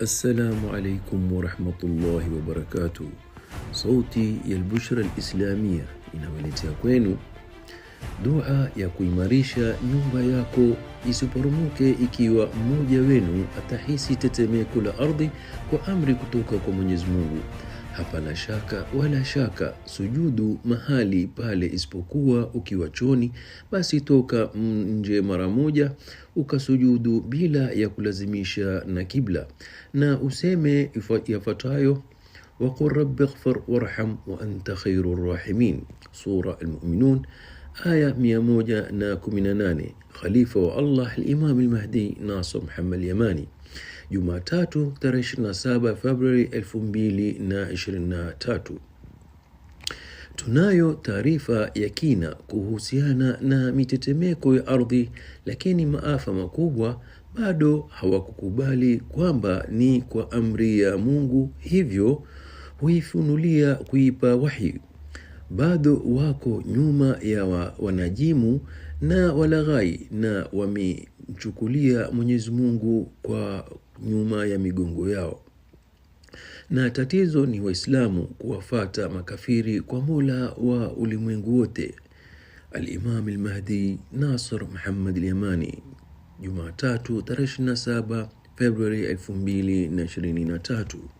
Assalamu alaikum warahmatullahi wabarakatuh. Sauti ya Albushra Alislamia inawaletea kwenu dua ya kuimarisha nyumba yako isiporomoke ikiwa mmoja wenu atahisi tetemeko la ardhi kwa amri kutoka kwa Mwenyezi Mungu. Hapana shaka wala shaka sujudu mahali pale isipokuwa ukiwa choni, basi toka nje mara moja ukasujudu bila ya kulazimisha na kibla, na useme yafuatayo: waqul rabbi ighfir warham wa anta khairu rahimin, Sura Almuminun aya 118 khalifa wa Allah al-Imam al-Mahdi Nasr Muhammad Yamani Jumatatu 27 Februari 2023 tunayo taarifa ya kina kuhusiana na mitetemeko ya ardhi, lakini maafa makubwa bado hawakukubali kwamba ni kwa amri ya Mungu, hivyo huifunulia kuipa wahi bado wako nyuma ya wa, wanajimu na walaghai na wamemchukulia Mwenyezi Mungu kwa nyuma ya migongo yao. Na tatizo ni Waislamu kuwafata makafiri kwa mula wa ulimwengu wote. Al-Imam al-Mahdi Nasr Muhammad al-Yamani, Jumatatu 27 Februari 2023.